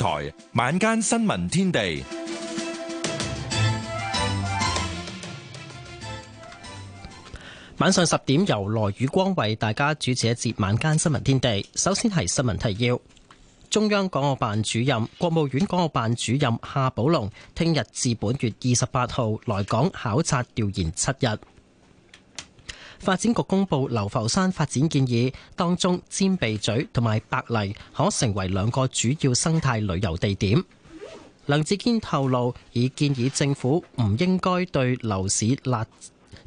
台晚間新聞天地，晚上十點由羅宇光為大家主持一節晚間新聞天地。首先係新聞提要：中央港澳辦主任、國務院港澳辦主任夏寶龍聽日至本月二十八號來港考察調研七日。發展局公布流浮山發展建議當中，尖鼻咀同埋白泥可成為兩個主要生態旅遊地點。梁志堅透露，已建議政府唔應該對樓市辣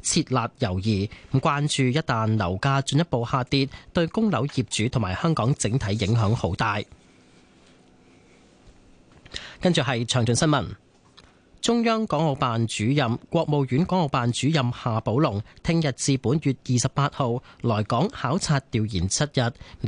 設辣猶豫，咁關注一旦樓價進一步下跌，對供樓業主同埋香港整體影響好大。跟住係詳盡新聞。中央港澳辦主任、國務院港澳辦主任夏寶龍聽日至本月二十八號來港考察調研七日，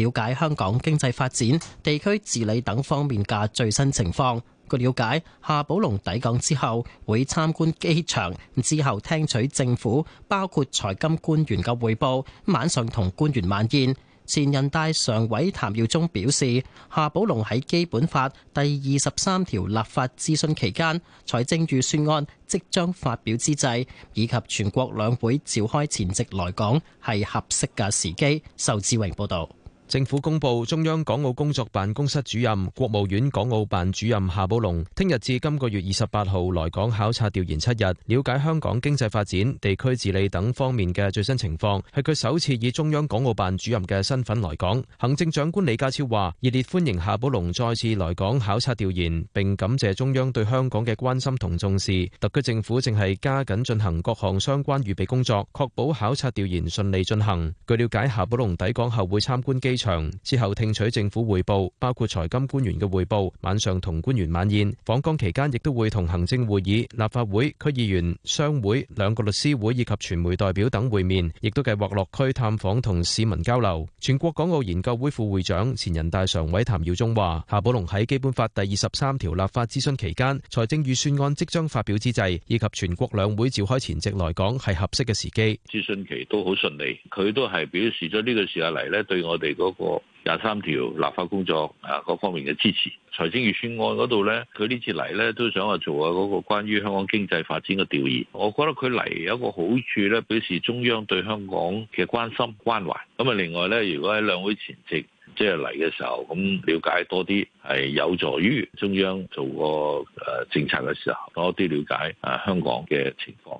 了解香港經濟發展、地區治理等方面嘅最新情況。據了解，夏寶龍抵港之後會參觀機場，之後聽取政府，包括財金官員嘅匯報，晚上同官員晚宴。前人大常委譚耀宗表示，夏寶龍喺《基本法》第二十三條立法諮詢期間、財政預算案即將發表之際，以及全國兩會召開前夕來港係合適嘅時機。仇志榮報道。政府公布，中央港澳工作辦公室主任、國務院港澳辦主任夏寶龍聽日至今個月二十八號來港考察調研七日，了解香港經濟發展、地區治理等方面嘅最新情況，係佢首次以中央港澳辦主任嘅身份來港。行政長官李家超話：熱烈歡迎夏寶龍再次來港考察調研，並感謝中央對香港嘅關心同重視。特區政府正係加緊進行各項相關預備工作，確保考察調研順利進行。據了解，夏寶龍抵港後會參觀機。場之後聽取政府匯報，包括財金官員嘅匯報。晚上同官員晚宴，訪港期間亦都會同行政會議、立法會、區議員、商會、兩個律師會以及傳媒代表等會面，亦都計劃落區探訪同市民交流。全國港澳研究會副會長、前人大常委譚耀宗話，夏寶龍喺《基本法》第二十三條立法諮詢期間、財政預算案即將發表之際，以及全國兩會召開前夕來講，係合適嘅時機。諮詢期都好順利，佢都係表示咗呢個時候嚟咧，對我哋個。嗰個廿三條立法工作啊，各方面嘅支持，財政預算案嗰度呢，佢呢次嚟呢都想話做下嗰個關於香港經濟發展嘅調研。我覺得佢嚟有一個好處呢，表示中央對香港嘅關心關懷。咁啊，另外呢，如果喺兩會前夕即係嚟嘅時候，咁了解多啲。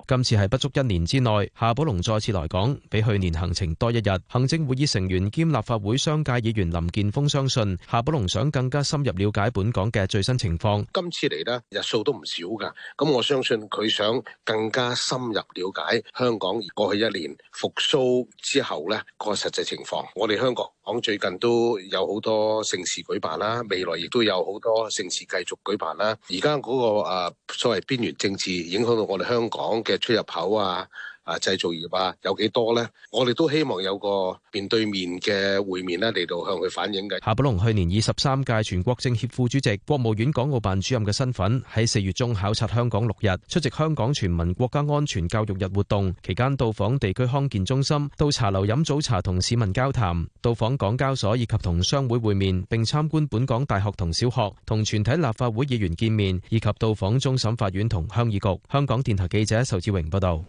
今次係不足一年之內，夏寶龍再次來港，比去年行程多一日，行政會議成員兼立法會商界議員林建峰相信夏寶龍想更加深入了解本港嘅最新情況。今次嚟呢，日數都唔少㗎。咁我相信佢想更加深入了解香港過去一年，復甦之後呢，個實際情況。我哋香港，港最近都有好多盛事舉辦，未來一亦都有好多城市繼續舉辦啦，而家嗰個、呃、所謂邊緣政治影響到我哋香港嘅出入口啊。啊，製造業啊，有幾多咧？我哋都希望有個面對面嘅會面咧，嚟到向佢反映嘅。夏寶龍去年以十三屆全國政協副主席、國務院港澳辦主任嘅身份，喺四月中考察香港六日，出席香港全民國家安全教育日活動期間到訪地區康健中心，到茶樓飲早茶同市民交談到訪港交所以及同商會會面，並參觀本港大學同小學同全體立法會議員見面，以及到訪終審法院同鄉議局。香港電台記者仇志榮報道。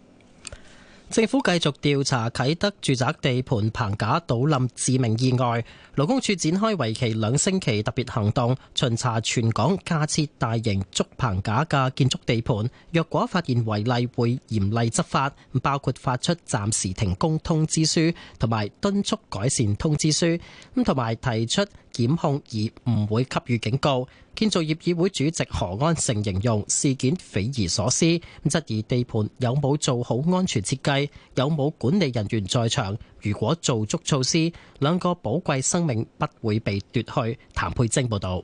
政府繼續調查啟德住宅地盤棚架倒冧致命意外，勞工處展開為期兩星期特別行動，巡查全港架設大型竹棚架嘅建築地盤。若果發現違例，會嚴厲執法，包括發出暫時停工通知書同埋敦促改善通知書，咁同埋提出檢控而唔會給予警告。建造業議會主席何安成形容事件匪夷所思，質疑地盤有冇做好安全設計，有冇管理人員在場。如果做足措施，兩個寶貴生命不會被奪去。譚佩晶報道。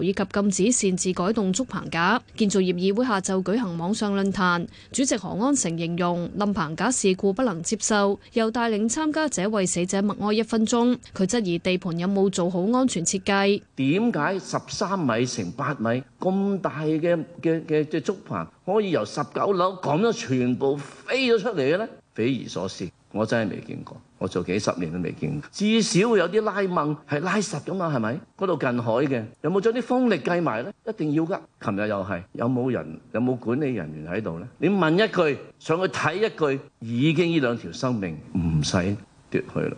以及禁止擅自改動竹棚架，建造業議會下晝舉行網上論壇。主席何安成形容冧棚架事故不能接受，又帶領參加者為死者默哀一分鐘。佢質疑地盤有冇做好安全設計？點解十三米乘八米咁大嘅嘅嘅竹棚可以由十九樓咁樣全部飛咗出嚟嘅呢？匪夷所思。我真係未見過，我做幾十年都未見過。至少有啲拉掹係拉實噶嘛，係咪？嗰度近海嘅，有冇將啲風力計埋咧？一定要㗎。琴日又係，有冇人？有冇管理人員喺度咧？你問一句，上去睇一句，已經呢兩條生命唔使奪去啦。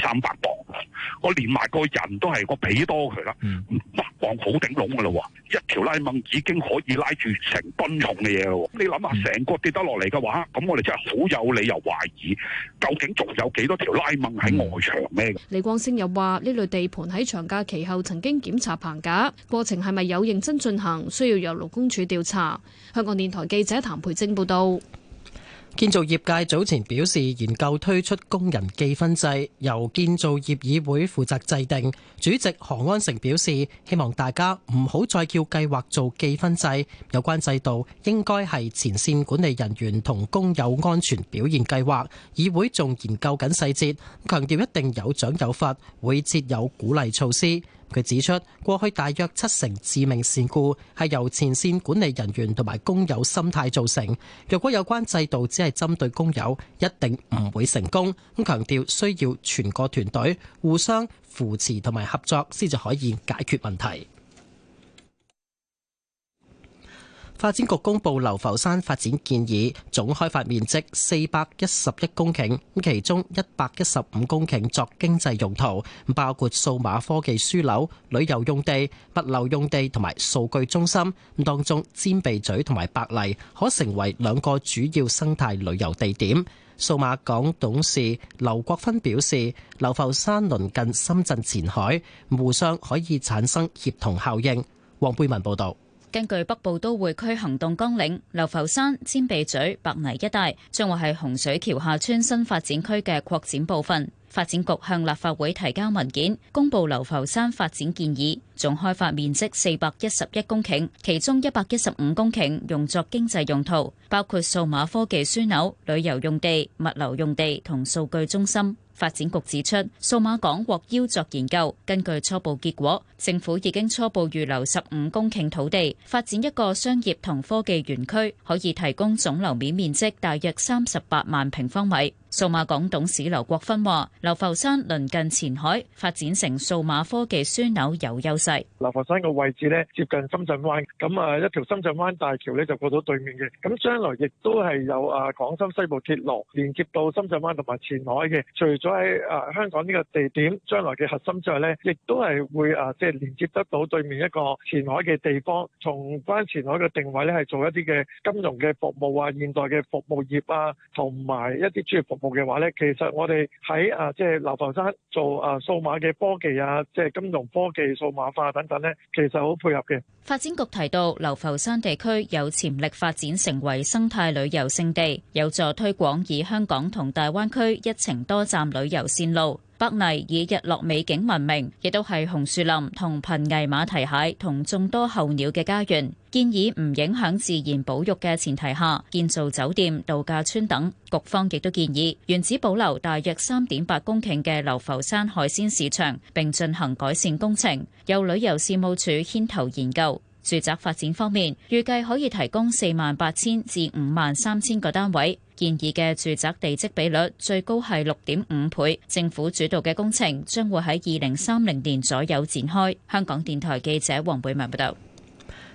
三百磅，我連埋個人都係個皮多佢啦，五百磅好頂籠噶咯喎，一條拉掹已經可以拉住成噸重嘅嘢咯喎，你諗下成個跌得落嚟嘅話，咁我哋就係好有理由懷疑，究竟仲有幾多條拉掹喺外牆咩？李光星又話：呢類地盤喺長假期後曾經檢查棚架，過程係咪有認真進行，需要由勞工處調查。香港電台記者譚培晶報道。建造業界早前表示研究推出工人記分制，由建造業議會負責制定。主席何安成表示，希望大家唔好再叫計劃做記分制，有關制度應該係前線管理人員同工友安全表現計劃。議會仲研究緊細節，強調一定有獎有罰，會設有鼓勵措施。佢指出，過去大約七成致命事故係由前線管理人員同埋工友心態造成。若果有關制度只係針對工友，一定唔會成功。咁強調需要全個團隊互相扶持同埋合作，先至可以解決問題。發展局公布流浮山發展建議，總開發面積四百一十一公頃，咁其中一百一十五公頃作經濟用途，包括數碼科技樞紐、旅遊用地、物流用地同埋數據中心。當中尖鼻咀同埋白泥可成為兩個主要生態旅遊地點。數碼港董事劉國芬表示，流浮山鄰近深圳前海，互相可以產生協同效應。黃佩文報導。根據北部都會區行動綱領，流浮山、尖鼻咀、白泥一帶將會係洪水橋下村新發展區嘅擴展部分。發展局向立法會提交文件，公布流浮山發展建議，總開發面積四百一十一公頃，其中一百一十五公頃用作經濟用途，包括數碼科技樞紐、旅遊用地、物流用地同數據中心。發展局指出，數碼港獲邀作研究，根據初步結果。政府已經初步預留十五公頃土地，發展一個商業同科技園區，可以提供總樓面面積大約三十八萬平方米。數碼港董事劉國芬話，流浮山鄰近前海，發展成數碼科技樞紐有優勢。流浮山個位置呢，接近深圳灣，咁啊一條深圳灣大橋呢就過到對面嘅，咁將來亦都係有啊廣深西部鐵路連接到深圳灣同埋前海嘅。除咗喺啊香港呢個地點將來嘅核心之外呢，亦都係會啊即係。連接得到對面一個前海嘅地方，從翻前海嘅定位咧，係做一啲嘅金融嘅服務啊、現代嘅服務業啊，同埋一啲專業服務嘅話咧，其實我哋喺啊即係流浮山做啊數碼嘅科技啊，即係金融科技、數碼化等等咧，其實好配合嘅。發展局提到，流浮山地區有潛力發展成為生態旅遊勝地，有助推廣以香港同大灣區一程多站旅遊線路。北泥，以日落美景聞名，亦都係紅樹林同瀕危馬蹄蟹同眾多候鳥嘅家園。建議唔影響自然保育嘅前提下，建造酒店、度假村等。局方亦都建議，原址保留大約三點八公頃嘅流浮山海鮮市場，並進行改善工程。由旅遊事務署牽頭研究住宅發展方面，預計可以提供四萬八千至五萬三千個單位。建議嘅住宅地積比率最高係六點五倍，政府主導嘅工程將會喺二零三零年左右展開。香港電台記者黃貝文報道。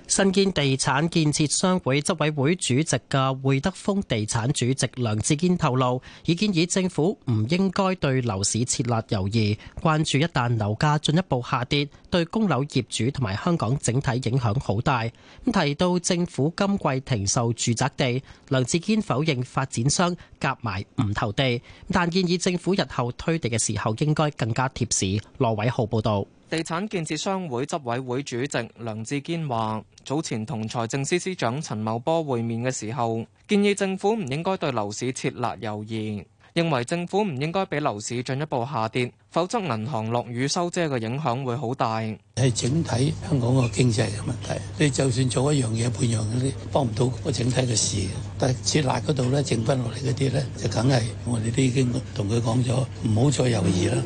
身兼地產建設商會執委會主席嘅會德豐地產主席梁志堅透露，已建議政府唔應該對樓市設立猶豫，關注一旦樓價進一步下跌，對供樓業主同埋香港整體影響好大。咁提到政府今季停售住宅地，梁志堅否認發展商夾埋唔投地，但建議政府日後推地嘅時候應該更加貼市。羅偉浩報道。地產建設商會執委會主席梁志堅話，早前同財政司司長陳茂波會面嘅時候，建議政府唔應該對樓市撤辣猶豫，認為政府唔應該俾樓市進一步下跌，否則銀行落雨收遮嘅影響會好大。係整體香港個經濟嘅問題，你就算做一樣嘢半樣，啲，你幫唔到個整體嘅事。但撤辣嗰度咧，剩翻落嚟嗰啲咧，就梗係我哋都已經同佢講咗，唔好再猶豫啦。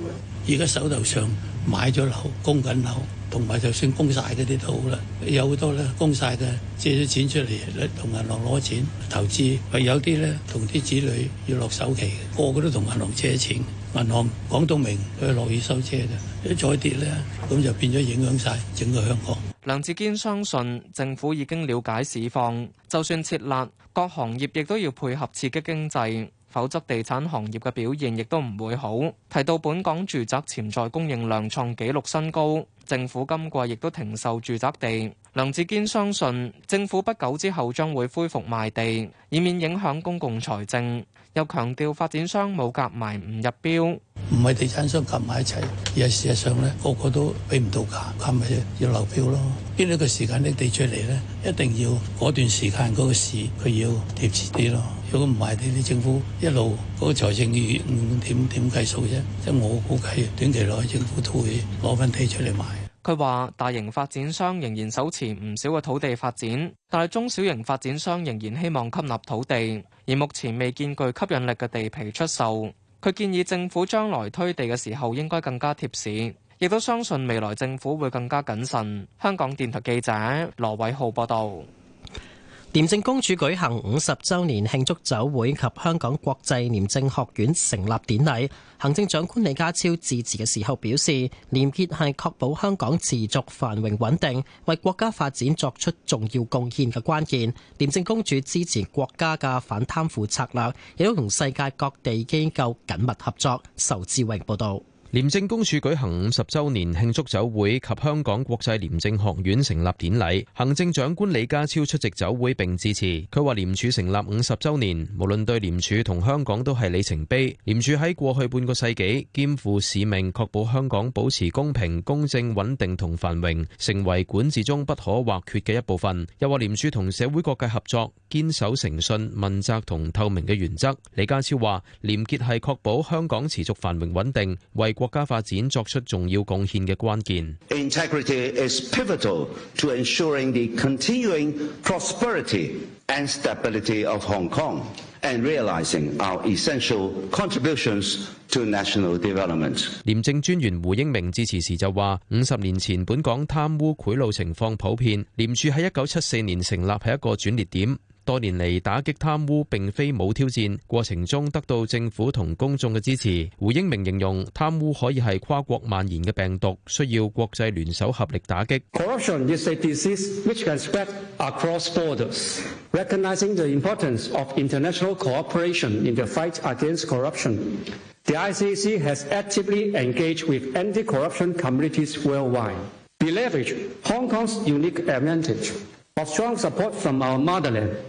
而家手頭上買咗樓供緊樓，同埋就算供晒啲都好啦。有好多咧供晒嘅借咗錢出嚟，同銀行攞錢投資。係有啲咧同啲子女要落首期，個個都同銀行借錢。銀行講到明，佢落雨收遮嘅，一再跌咧，咁就變咗影響晒整個香港。梁志堅相信政府已經了解市況，就算設立各行業，亦都要配合刺激經濟。否則，地產行業嘅表現亦都唔會好。提到本港住宅潛在供應量創紀錄新高，政府今季亦都停售住宅地。梁志堅相信政府不久之後將會恢復賣地，以免影響公共財政。又強調發展商冇夾埋唔入標，唔係地產商夾埋一齊，而係事實上呢個個都俾唔到價，係咪要流標咯？邊一個時間拎地出嚟呢，一定要嗰段時間嗰個市佢要貼市啲咯。如果唔係，你啲政府一路嗰個財政點點計數啫。即係我估計，短期內政府都會攞翻地出嚟賣。佢話：大型發展商仍然手持唔少嘅土地發展，但係中小型發展商仍然希望吸納土地，而目前未見具吸引力嘅地皮出售。佢建議政府將來推地嘅時候應該更加貼市。亦都相信未來政府會更加謹慎。香港電台記者羅偉浩報道，廉政公署舉行五十周年慶祝酒會及香港國際廉政學院成立典禮。行政長官李家超致辭嘅時候表示，廉潔係確保香港持續繁榮穩定、為國家發展作出重要貢獻嘅關鍵。廉政公署支持國家嘅反貪腐策略，亦都同世界各地機構緊密合作。仇志榮報道。廉政公署舉行五十周年慶祝酒會及香港國際廉政學院成立典禮，行政長官李家超出席酒會並致辭。佢話廉署成立五十周年，無論對廉署同香港都係里程碑。廉署喺過去半個世紀肩負使命，確保香港保持公平、公正、穩定同繁榮，成為管治中不可或缺嘅一部分。又話廉署同社會各界合作，堅守誠信、問責同透明嘅原則。李家超話廉潔係確保香港持續繁榮穩定，為國家發展作出重要貢獻嘅關鍵。廉政專員胡英明致辭時就話：五十年前本港貪污賄賂情況普遍，廉署喺一九七四年成立係一個轉捩點。多年嚟，打擊貪污並非冇挑戰，過程中得到政府同公眾嘅支持。胡英明形容貪污可以係跨國蔓延嘅病毒，需要國際聯手合力打擊。香港嘅唯一優先。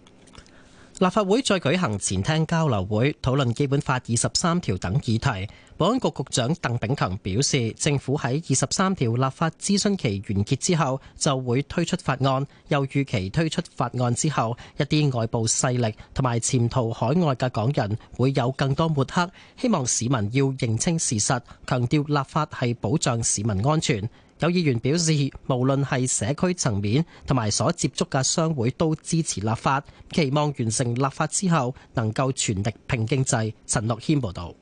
立法會再舉行前廳交流會，討論《基本法》二十三條等議題。保安局局長鄧炳強表示，政府喺二十三條立法諮詢期完結之後就會推出法案，又預期推出法案之後，一啲外部勢力同埋潛逃海外嘅港人會有更多抹黑。希望市民要認清事實，強調立法係保障市民安全。有議員表示，無論係社區層面同埋所接觸嘅商會都支持立法，期望完成立法之後能夠全力拼經濟。陳樂軒報導，《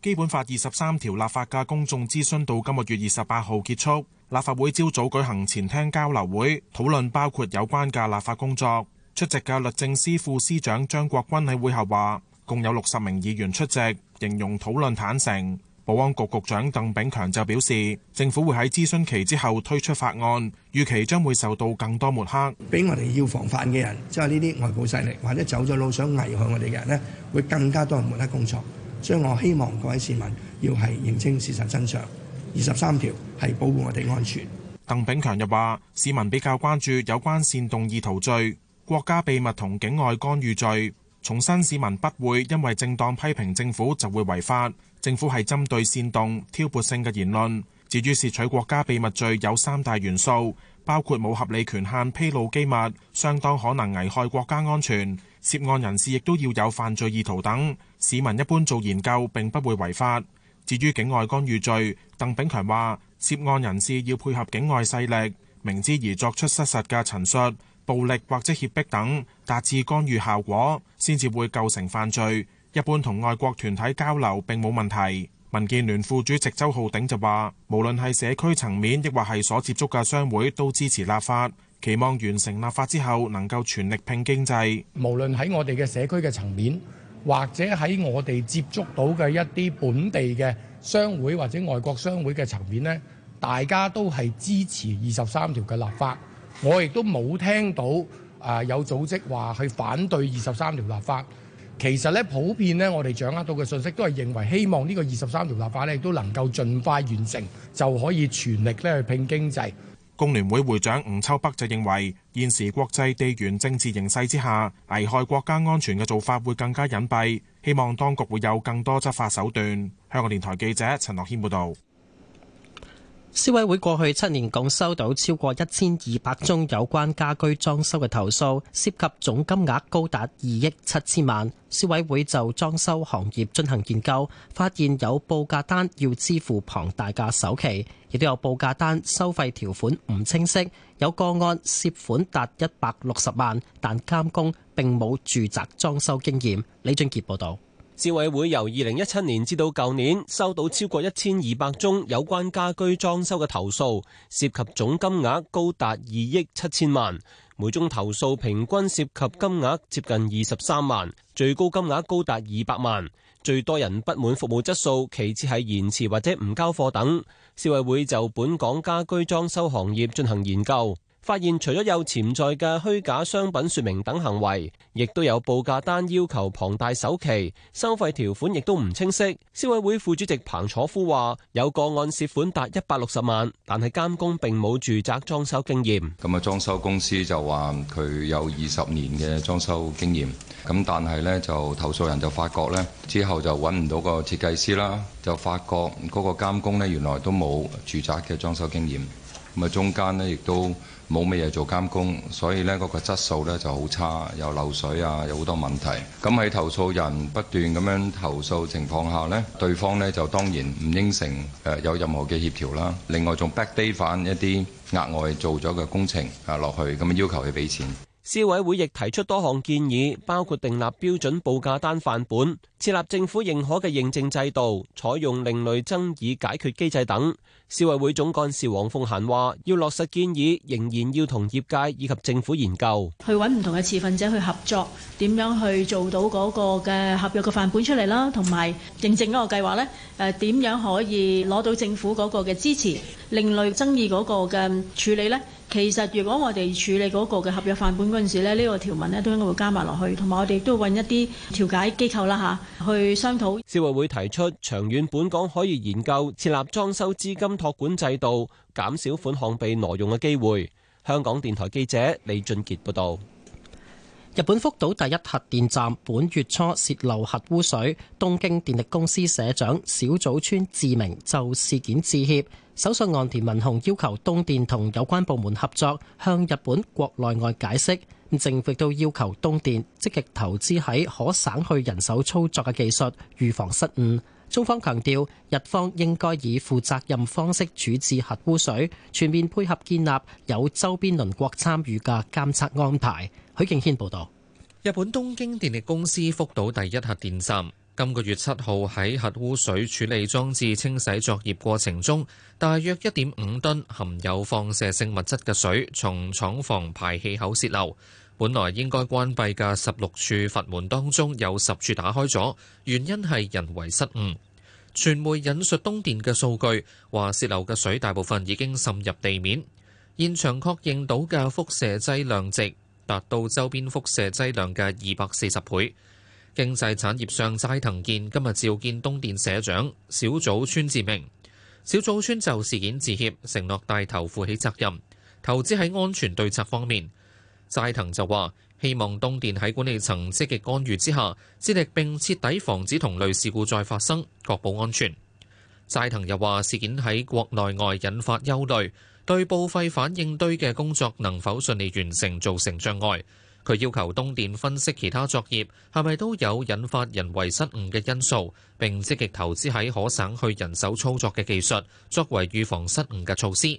基本法》二十三條立法嘅公眾諮詢到今個月二十八號結束，立法會朝早舉行前廳交流會，討論包括有關嘅立法工作。出席嘅律政司副司長張國鈞喺會後話，共有六十名議員出席，形容討論坦誠。保安局局長鄧炳強就表示，政府會喺諮詢期之後推出法案，預期將會受到更多抹黑，俾我哋要防範嘅人，即係呢啲外部勢力或者走咗路想危害我哋嘅人咧，會更加多人抹黑工作。所以我希望各位市民要係認清事實真相。二十三條係保護我哋安全。鄧炳強又話，市民比較關注有關煽動意圖罪、國家秘密同境外干預罪，重申市民不會因為正當批評政府就會違法。政府係針對煽動挑撥性嘅言論。至於竊取國家秘密罪，有三大元素，包括冇合理權限披露機密，相當可能危害國家安全。涉案人士亦都要有犯罪意圖等。市民一般做研究並不會違法。至於境外干預罪，鄧炳強話，涉案人士要配合境外勢力，明知而作出失實嘅陳述、暴力或者脅迫等，達至干預效果，先至會構成犯罪。一般同外國團體交流並冇問題。民建聯副主席周浩鼎就話，無論係社區層面，亦或係所接觸嘅商會，都支持立法，期望完成立法之後，能夠全力拼經濟。無論喺我哋嘅社區嘅層面，或者喺我哋接觸到嘅一啲本地嘅商會或者外國商會嘅層面咧，大家都係支持二十三條嘅立法。我亦都冇聽到啊有組織話去反對二十三條立法。其實咧，普遍咧，我哋掌握到嘅信息都係認為，希望呢個二十三條立法咧，都能夠盡快完成，就可以全力咧去拼經濟。工聯會會長吳秋北就認為，現時國際地緣政治形勢之下，危害國家安全嘅做法會更加隱蔽，希望當局會有更多執法手段。香港電台記者陳樂軒報道。消委會過去七年共收到超過一千二百宗有關家居裝修嘅投訴，涉及總金額高達二億七千萬。消委會就裝修行業進行研究，發現有報價單要支付龐大嘅首期，亦都有報價單收費條款唔清晰。有個案涉款達一百六十萬，但監工並冇住宅裝修經驗。李俊傑報道。消委會由二零一七年至到舊年收到超過一千二百宗有關家居裝修嘅投訴，涉及總金額高達二億七千萬，每宗投訴平均涉及金額接近二十三萬，最高金額高達二百萬。最多人不滿服務質素，其次係延遲或者唔交貨等。消委會就本港家居裝修行業進行研究。發現除咗有潛在嘅虛假商品説明等行為，亦都有報價單要求龐大首期，收費條款亦都唔清晰。消委會副主席彭楚夫話，有個案涉款達一百六十萬，但係監工並冇住宅裝修經驗。咁啊，裝修公司就話佢有二十年嘅裝修經驗，咁但係呢，就投訴人就發覺呢，之後就揾唔到個設計師啦，就發覺嗰個監工呢，原來都冇住宅嘅裝修經驗，咁啊，中間呢，亦都，冇咩嘢做監工，所以呢，嗰個質素呢，就好差，又漏水啊，有好多問題。咁喺投訴人不斷咁樣投訴情況下呢，對方呢就當然唔應承誒有任何嘅協調啦。另外仲 backdate 返一啲額外做咗嘅工程啊落去，咁樣要求佢俾錢。消委會亦提出多項建議，包括訂立標準報價單範本、設立政府認可嘅認證制度、採用另類爭議解決機制等。消委會總幹事黃鳳嫻話，要落實建議，仍然要同業界以及政府研究，去搵唔同嘅持份者去合作，點樣去做到嗰個嘅合約嘅範本出嚟啦，同埋認證嗰個計劃咧，誒、呃，點樣可以攞到政府嗰個嘅支持，另類爭議嗰個嘅處理咧，其實如果我哋處理嗰個嘅合約範本嗰陣時咧，呢、呢個條文咧都應該會加埋落去，同埋我哋都搵一啲調解機構啦吓，去商討。消委會提出，長遠本港可以研究設立裝修資金。託管制度減少款項被挪用嘅機會。香港電台記者李俊杰報道。日本福島第一核電站本月初泄漏核污水，東京電力公司社長小早川智明就事件致歉，首相岸田文雄要求東電同有關部門合作，向日本國內外解釋。政府亦都要求東電積極投資喺可省去人手操作嘅技術，預防失誤。中方強調，日方應該以負責任方式處置核污水，全面配合建立有周邊鄰國參與嘅監測安排。許敬軒報導。日本東京電力公司福島第一核電站今個月七號喺核污水處理裝置清洗作業過程中，大約一點五噸含有放射性物質嘅水從廠房排氣口泄漏。本來應該關閉嘅十六處閥門當中有十處打開咗，原因係人為失誤。傳媒引述東電嘅數據話，泄漏嘅水大部分已經滲入地面。現場確認到嘅輻射劑量值達到周邊輻射劑量嘅二百四十倍。經濟產業相齋藤健今日召見東電社長小早川智明，小早川就事件致歉，承諾帶頭負起責任，投資喺安全對策方面。齋藤就話：希望東電喺管理層積極干預之下，致力並徹底防止同類事故再發生，確保安全。齋藤又話：事件喺國內外引發憂慮，對報廢反應堆嘅工作能否順利完成造成障礙。佢要求東電分析其他作業係咪都有引發人為失誤嘅因素，並積極投資喺可省去人手操作嘅技術，作為預防失誤嘅措施。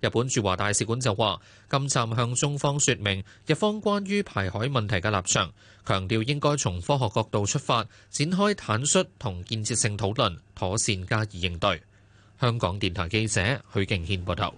日本駐華大使館就話：今站向中方説明日方關於排海問題嘅立場，強調應該從科學角度出發，展開坦率同建設性討論，妥善加以應對。香港電台記者許敬軒報道。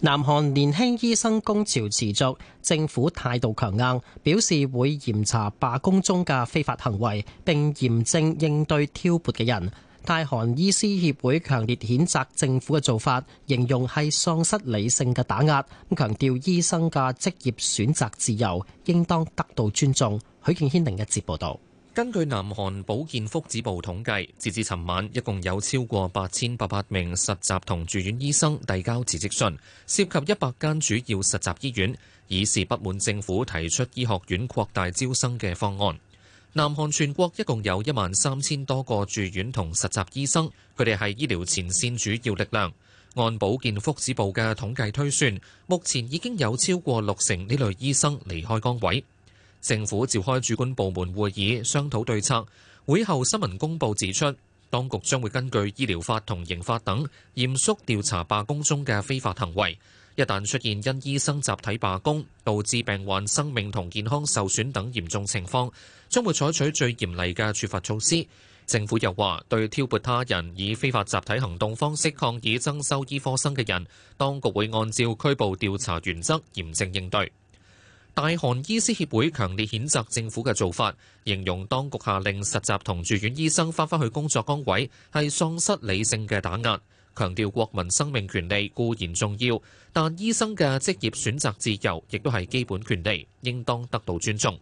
南韓年輕醫生工潮持續，政府態度強硬，表示會嚴查罷工中嘅非法行為，並嚴正應對挑撥嘅人。大韓醫師協會強烈譴責政府嘅做法，形容係喪失理性嘅打壓，咁強調醫生嘅職業選擇自由應當得到尊重。許敬軒另一節報導。根據南韓保健福祉部統計，截至尋晚，一共有超過八千八百名實習同住院醫生遞交辭職信，涉及一百間主要實習醫院，以示不滿政府提出醫學院擴大招生嘅方案。南韓全國一共有一萬三千多個住院同實習醫生，佢哋係醫療前線主要力量。按保健福祉部嘅統計推算，目前已經有超過六成呢類醫生離開崗位。政府召開主管部門會議，商討對策。會後新聞公佈指出，當局將會根據醫療法同刑法等嚴肅調查罷工中嘅非法行為。一旦出現因醫生集體罷工，導致病患生命同健康受損等嚴重情況，將會採取最嚴厲嘅處罰措施。政府又話，對挑撥他人以非法集體行動方式抗議增收醫科生嘅人，當局會按照拘捕調查原則嚴正應對。大韓醫師協會強烈譴責政府嘅做法，形容當局下令實習同住院醫生返返去工作崗位係喪失理性嘅打壓。強調國民生命權利固然重要，但醫生嘅職業選擇自由亦都係基本權利，應當得到尊重。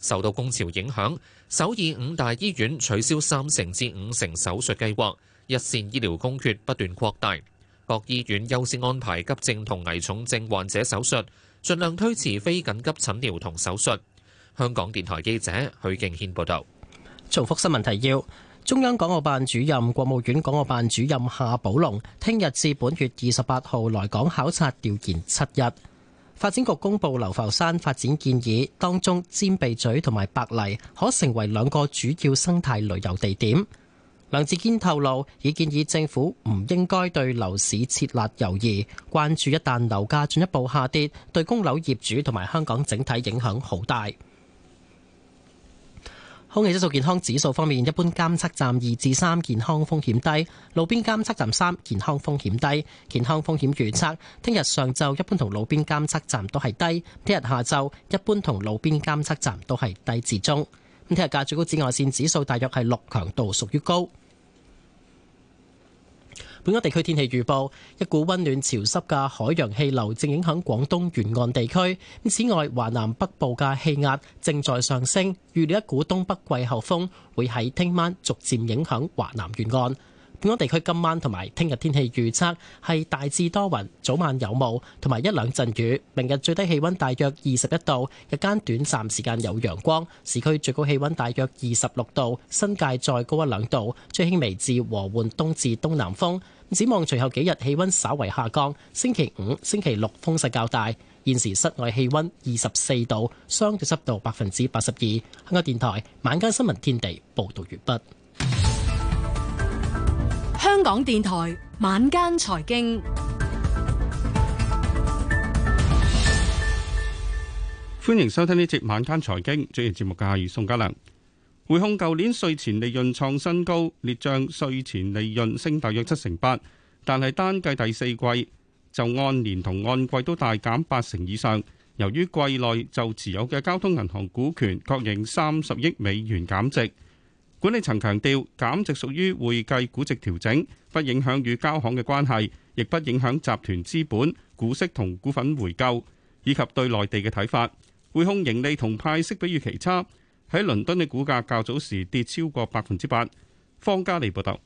受到工潮影響，首爾五大醫院取消三成至五成手術計劃，一線醫療供缺不斷擴大。各醫院優先安排急症同危重症患者手術，盡量推遲非緊急診療同手術。香港電台記者許敬軒報道。重複新聞提要。中央港澳辦主任、國務院港澳辦主任夏寶龍聽日至本月二十八號來港考察調研七日。發展局公布流浮山發展建議，當中尖鼻咀同埋白泥可成為兩個主要生態旅遊地點。梁志堅透露，已建議政府唔應該對樓市設立猶豫，關注一旦樓價進一步下跌，對供樓業主同埋香港整體影響好大。空氣質素健康指數方面，一般監測站二至三，健康風險低；路邊監測站三，健康風險低。健康風險預測：聽日上晝一般同路邊監測站都係低；聽日下晝一般同路邊監測站都係低至中。咁聽日嘅最高紫外線指數大約係六，強度屬於高。本港地區天氣預報，一股溫暖潮濕嘅海洋氣流正影響廣東沿岸地區，此外，華南北部嘅氣壓正在上升，預料一股東北季候風會喺聽晚逐漸影響華南沿岸。本港地區今晚同埋聽日天氣預測係大致多雲，早晚有霧同埋一兩陣雨。明日最低氣温大約二十一度，日間短暫時間有陽光。市區最高氣温大約二十六度，新界再高一兩度。吹輕微至和緩東至東南風。展望隨後幾日氣温稍為下降，星期五、星期六風勢較大。現時室外氣温二十四度，相對濕度百分之八十二。香港電台晚間新聞天地報道完畢。香港電台晚間財經，歡迎收聽呢節晚間財經主持節目嘅係宋嘉良。匯控舊年稅前利潤創新高，列賬稅前利潤升大約七成八，但係單計第四季就按年同按季都大減八成以上。由於季內就持有嘅交通銀行股權確認三十億美元減值。管理層強調，減值屬於會計估值調整，不影響與交行嘅關係，亦不影響集團資本、股息同股份回購，以及對內地嘅睇法。匯控盈利同派息比預期差，喺倫敦嘅股價較早時跌超過百分之八。方嘉利報道，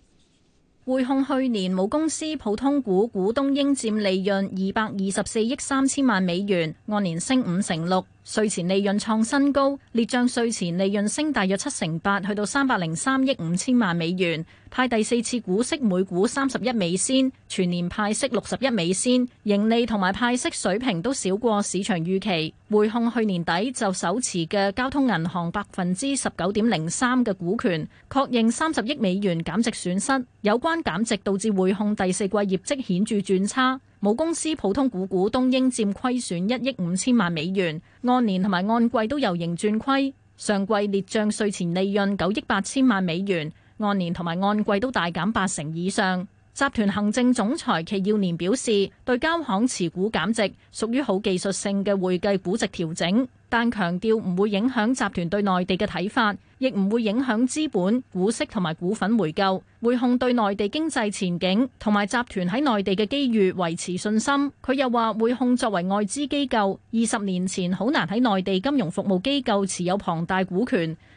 匯控去年母公司普通股股東應佔利潤二百二十四億三千萬美元，按年升五成六。稅前利潤創新高，列賬稅前利潤升大約七成八，去到三百零三億五千萬美元，派第四次股息每股三十一美仙，全年派息六十一美仙，盈利同埋派息水平都少過市場預期。匯控去年底就手持嘅交通銀行百分之十九點零三嘅股權，確認三十億美元減值損失，有關減值導致匯控第四季業績顯著轉差。母公司普通股股東應占虧損一億五千萬美元，按年同埋按季都由盈轉虧。上季列賬稅前利潤九億八千萬美元，按年同埋按季都大減八成以上。集團行政總裁祁耀年表示，對交行持股減值屬於好技術性嘅會計估值調整。但強調唔會影響集團對內地嘅睇法，亦唔會影響資本、股息同埋股份回購。匯控對內地經濟前景同埋集團喺內地嘅機遇維持信心。佢又話，匯控作為外資機構，二十年前好難喺內地金融服務機構持有龐大股權。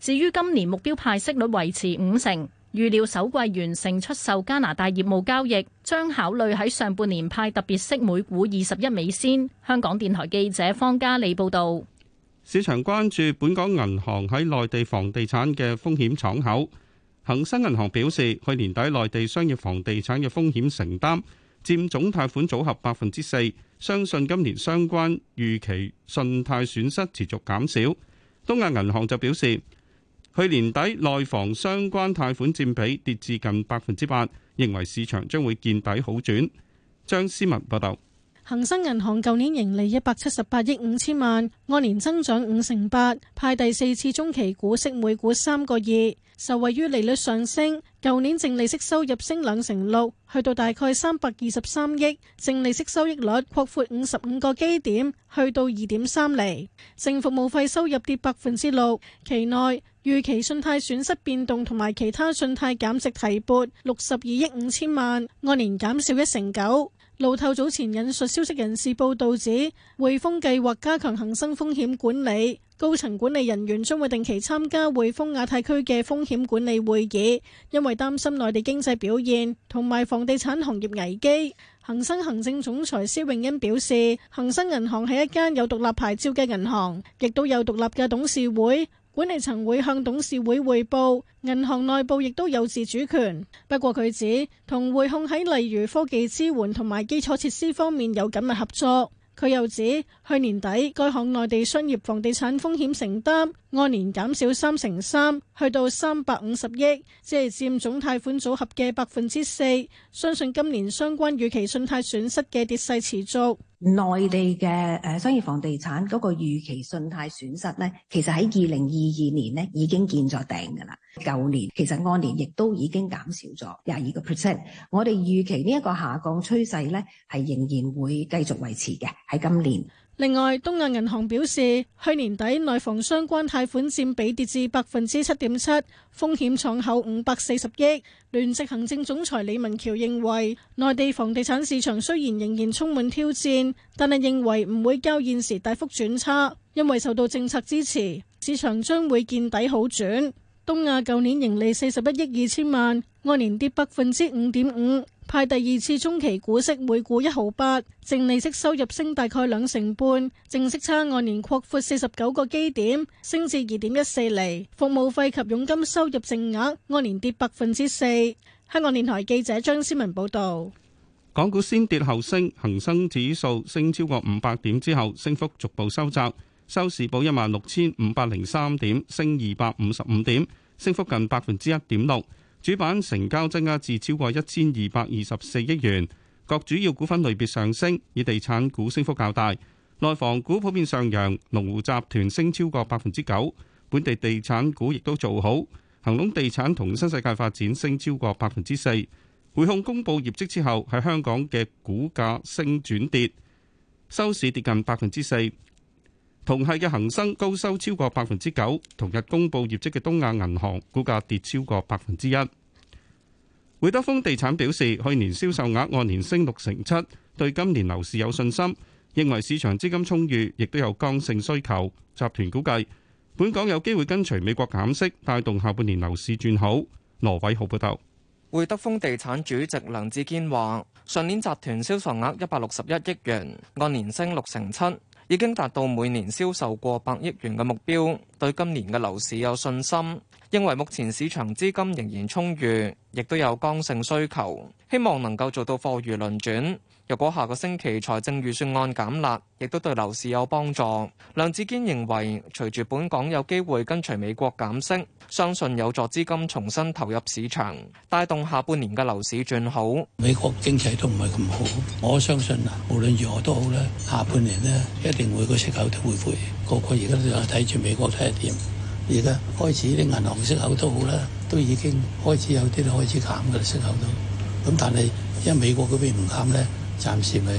至於今年目標派息率維持五成，預料首季完成出售加拿大業務交易，將考慮喺上半年派特別息每股二十一美仙。香港電台記者方嘉利報道。市場關注本港銀行喺內地房地產嘅風險敞口。恒生銀行表示，去年底內地商業房地產嘅風險承擔佔總貸款組合百分之四，相信今年相關預期信貸損失持續減少。東亞銀行就表示，去年底內房相關貸款佔比跌至近百分之八，認為市場將會見底好轉。張思文報導，恒生銀行舊年盈利一百七十八億五千萬，按年增長五成八，派第四次中期股息每股三個二。受惠於利率上升，舊年淨利息收入升兩成六，去到大概三百二十三億，淨利息收益率擴闊五十五個基點，去到二點三厘。淨服務費收入跌百分之六，期內預期信貸損失變動同埋其他信貸減值提撥六十二億五千萬，按年減少一成九。路透早前引述消息人士報道指，匯豐計劃加強恒生風險管理，高層管理人員將會定期參加匯豐亞太區嘅風險管理會議，因為擔心內地經濟表現同埋房地產行業危機。恒生行政總裁施永恩表示，恒生銀行係一間有獨立牌照嘅銀行，亦都有獨立嘅董事會。本地層會向董事會匯報，銀行內部亦都有自主權。不過佢指同匯控喺例如科技支援同埋基礎設施方面有緊密合作。佢又指去年底該項內地商業房地產風險承擔按年減少三成三，去到三百五十億，只係佔總貸款組合嘅百分之四，相信今年相關預期信貸損失嘅跌勢持續。內地嘅誒，商業房地產嗰個預期信貸損失咧，其實喺二零二二年咧已經見咗頂噶啦。舊年其實按年亦都已經減少咗廿二個 percent。我哋預期呢一個下降趨勢咧，係仍然會繼續維持嘅，喺今年。另外，東亞銀行表示，去年底內房相關貸款佔比跌至百分之七點七，風險敞口五百四十億。聯席行政總裁李文橋認為，內地房地產市場雖然仍然充滿挑戰，但係認為唔會較現時大幅轉差，因為受到政策支持，市場將會見底好轉。東亞舊年盈利四十一億二千萬，按年跌百分之五點五。派第二次中期股息，每股一毫八，淨利息收入升大概兩成半，淨息差按年擴闊四十九個基點，升至二點一四厘。服務費及佣金收入淨額按年跌百分之四。香港電台記者張思文報道。港股先跌後升，恒生指數升超過五百點之後，升幅逐步收窄，收市報一萬六千五百零三點，升二百五十五點，升幅近百分之一點六。主板成交增加至超過一千二百二十四億元，各主要股份類別上升，以地產股升幅較大。內房股普遍上揚，龍湖集團升超過百分之九，本地地產股亦都做好。恒隆地產同新世界發展升超過百分之四。匯控公布業績之後，喺香港嘅股價升轉跌，收市跌近百分之四。同系嘅恒生高收超過百分之九。同日公布業績嘅東亞銀行股價跌超過百分之一。會德豐地產表示，去年銷售額按年升六成七，對今年樓市有信心，認為市場資金充裕，亦都有剛性需求。集團估計，本港有機會跟隨美國減息，帶動下半年樓市轉好。羅偉浩報道，會德豐地產主席梁志堅話：上年集團銷售額一百六十一億元，按年升六成七。已經達到每年銷售過百億元嘅目標，對今年嘅樓市有信心，認為目前市場資金仍然充裕，亦都有剛性需求，希望能夠做到貨如輪轉。若果下個星期財政預算案減辣，亦都對樓市有幫助。梁志堅認為，隨住本港有機會跟隨美國減息，相信有助資金重新投入市場，帶動下半年嘅樓市轉好。美國經濟都唔係咁好，我相信啊，無論如何都好咧，下半年呢，一定會個息口都會回個個。而家都睇住美國睇下點。而家開始啲銀行息口都好啦，都已經開始有啲都開始減嘅啦，息口都。咁但係因為美國嗰邊唔減咧。暫時咪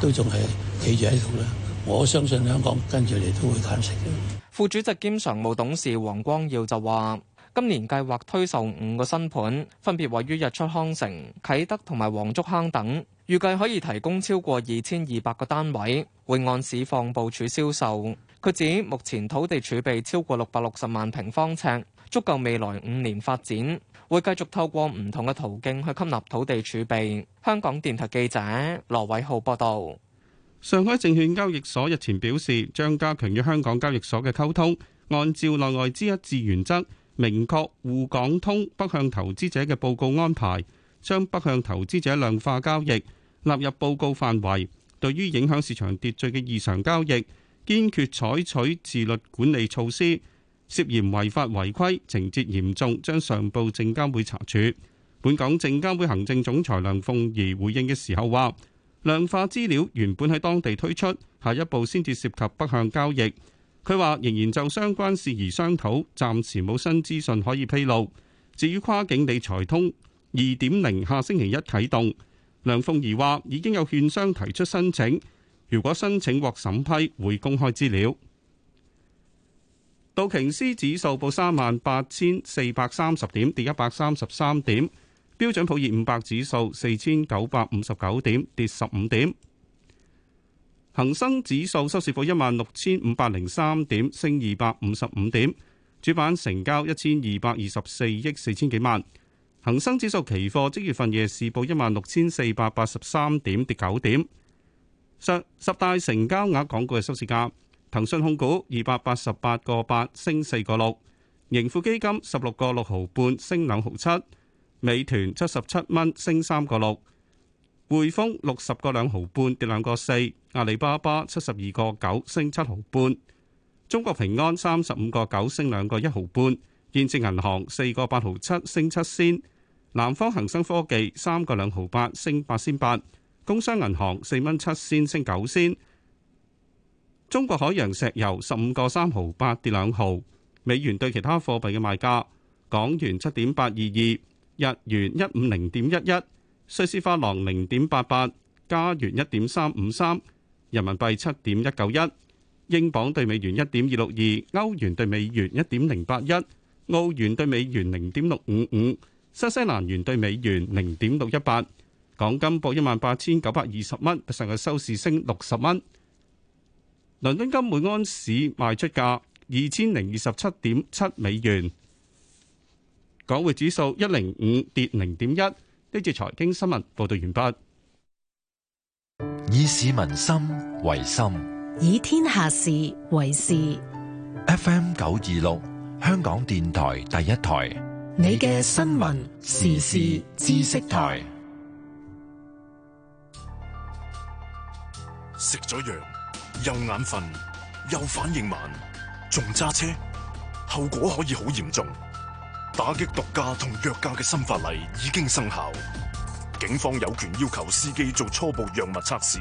都仲係企住喺度咧，我相信香港跟住嚟都會減息嘅。副主席兼常務董事黃光耀就話：今年計劃推售五個新盤，分別位於日出康城、啟德同埋黃竹坑等，預計可以提供超過二千二百個單位，會按市況部署銷售。佢指目前土地儲備超過六百六十萬平方尺，足夠未來五年發展。會繼續透過唔同嘅途徑去吸納土地儲備。香港電台記者羅偉浩報道。上海證券交易所日前表示，將加強與香港交易所嘅溝通，按照內外資一致原則，明確滬港通北向投資者嘅報告安排，將北向投資者量化交易納入報告範圍。對於影響市場秩序嘅異常交易，堅決採取自律管理措施。涉嫌違法違規情節嚴重，將上報證監會查處。本港證監會行政總裁梁鳳儀回應嘅時候話，量化資料原本喺當地推出，下一步先至涉及北向交易。佢話仍然就相關事宜商討，暫時冇新資訊可以披露。至於跨境理財通二點零下星期一啟動，梁鳳儀話已經有券商提出申請，如果申請獲審批，會公開資料。道瓊斯指數報三萬八千四百三十點，跌一百三十三點；標準普爾五百指數四千九百五十九點，跌十五點。恒生指數收市報一萬六千五百零三點，升二百五十五點。主板成交一千二百二十四億四千幾萬。恒生指數期貨即月份夜市報一萬六千四百八十三點，跌九點。上十大成交額港股嘅收市價。騰訊控股二百八十八個八升四個六，盈富基金十六個六毫半升兩毫七，美團七十七蚊升三個六，匯豐六十個兩毫半跌兩個四，阿里巴巴七十二個九升七毫半，中國平安三十五個九升兩個一毫半，建設銀行四個八毫七升七仙，南方恒生科技三個兩毫八升八仙八，工商銀行四蚊七仙升九仙。中國海洋石油十五個三毫八跌兩毫，美元對其他貨幣嘅賣價：港元七點八二二，日元一五零點一一，瑞士法郎零點八八，加元一點三五三，人民幣七點一九一，英鎊兌美元一點二六二，歐元兌美元一點零八一，澳元兌美元零點六五五，新西蘭元兌美元零點六一八。港金報一萬八千九百二十蚊，上日收市升六十蚊。倫敦金每安士賣出價二千零二十七點七美元，港匯指數一零五跌零點一。呢節財經新聞報道完畢。以市民心為心，以天下事為事。F M 九二六，香港電台第一台，你嘅新聞時事知識台。食咗藥。又眼瞓，又反應慢，仲揸車，後果可以好嚴重。打擊毒駕同藥駕嘅新法例已經生效，警方有權要求司機做初步藥物測試，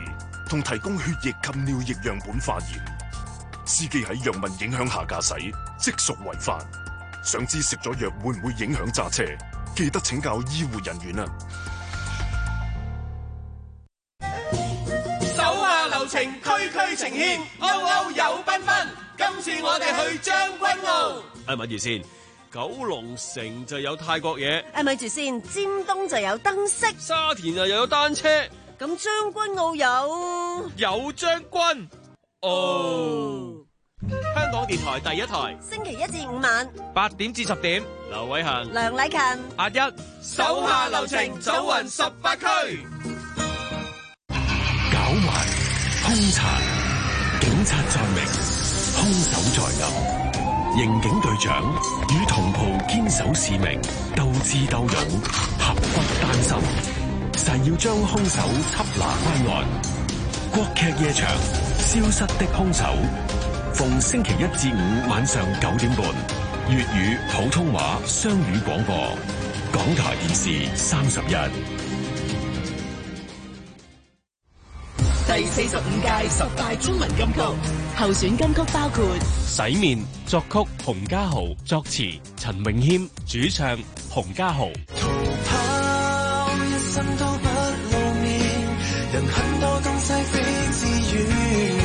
同提供血液及尿液樣本化驗。司機喺藥物影響下駕駛，即屬違法。想知食咗藥會唔會影響揸車？記得請教醫護人員啊！呈現歐歐有繽紛，今次我哋去將軍澳，係咪住先？九龍城就有泰國嘢。係咪住先？尖東就有燈飾。沙田啊又有單車。咁將軍澳有有將軍哦。香港電台第一台，星期一至五晚八點至十點，劉偉恆、梁禮勤、阿一，手下留情，走勻十八區，攪勻通查。警察在明，凶手在暗，刑警隊長與同袍堅守使命，鬥智鬥勇，俠骨丹心，誓要將凶手緝拿歸案。國劇夜場，《消失的凶手》，逢星期一至五晚上九點半，粵語、普通話雙語廣播，港台電視三十一。第四十五屆十大中文金曲候選金曲包括《洗面》，作曲洪嘉豪，作詞陳永謙，主唱洪嘉豪。逃跑，一生都不露面，人很多東西非自願，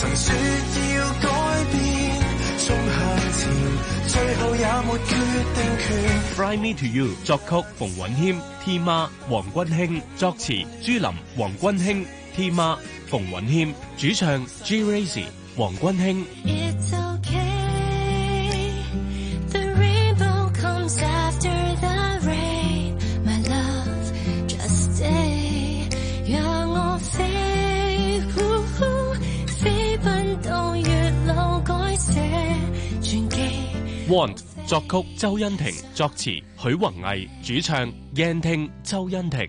曾說要改變，衝向前，最後也沒有決定權。Fly me to you，作曲馮允謙，Tima 黃君興，作詞朱林黃君興。天媽馮允謙主唱，G Razy 黃君馨，It's okay. The rainbow comes after the rain. My love just stay，讓我飛呼呼，飛奔到月老改寫傳奇。Want 作曲周欣婷，So 作詞許宏毅，主唱 Yan Ting 周欣婷。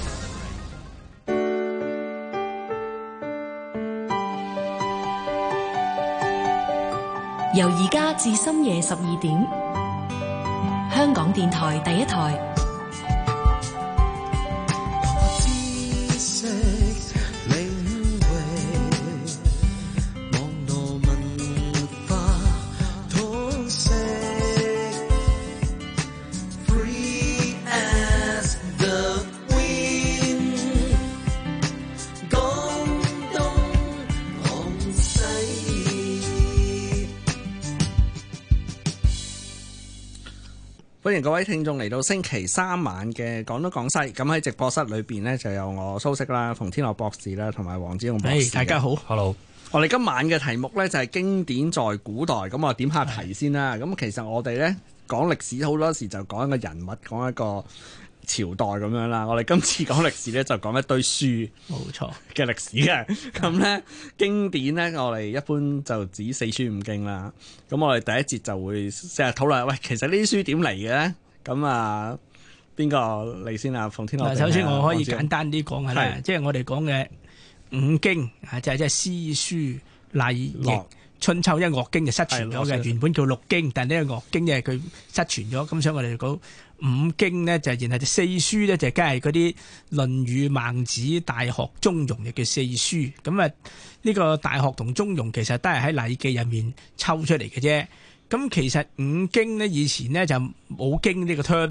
由而家至深夜十二點，香港電台第一台。歡迎各位聽眾嚟到星期三晚嘅《講東講西》，咁喺直播室裏邊呢，就有我蘇軾啦，馮天樂博士啦，同埋黃子龍博士。博士 hey，大家好，Hello！我哋今晚嘅題目呢，就係、是、經典在古代，咁我點下題先啦。咁的其實我哋呢，講歷史好多時就講一個人物，講一個。朝代咁樣啦，我哋今次講歷史咧，就講一堆書，冇錯嘅歷史嘅。咁咧錯 經典咧，我哋一般就指四書五經啦。咁我哋第一節就會成日討論，喂，其實呢啲書點嚟嘅咧？咁啊，邊個嚟先啊？馮天鶴、啊。首先我可以簡單啲講下，咧是，即係我哋講嘅五經，就係即係詩書禮易。春秋因為樂經就失傳咗嘅，原本叫六經，但係呢個樂經即係佢失傳咗，咁所以我哋講五經咧就係，然後就四書咧就梗係啲《論語》《孟子》《大學》《中庸》又叫四書。咁啊呢個大學同《中庸》其實都係喺禮記入面抽出嚟嘅啫。咁其實五經咧以前咧就冇經呢個 turn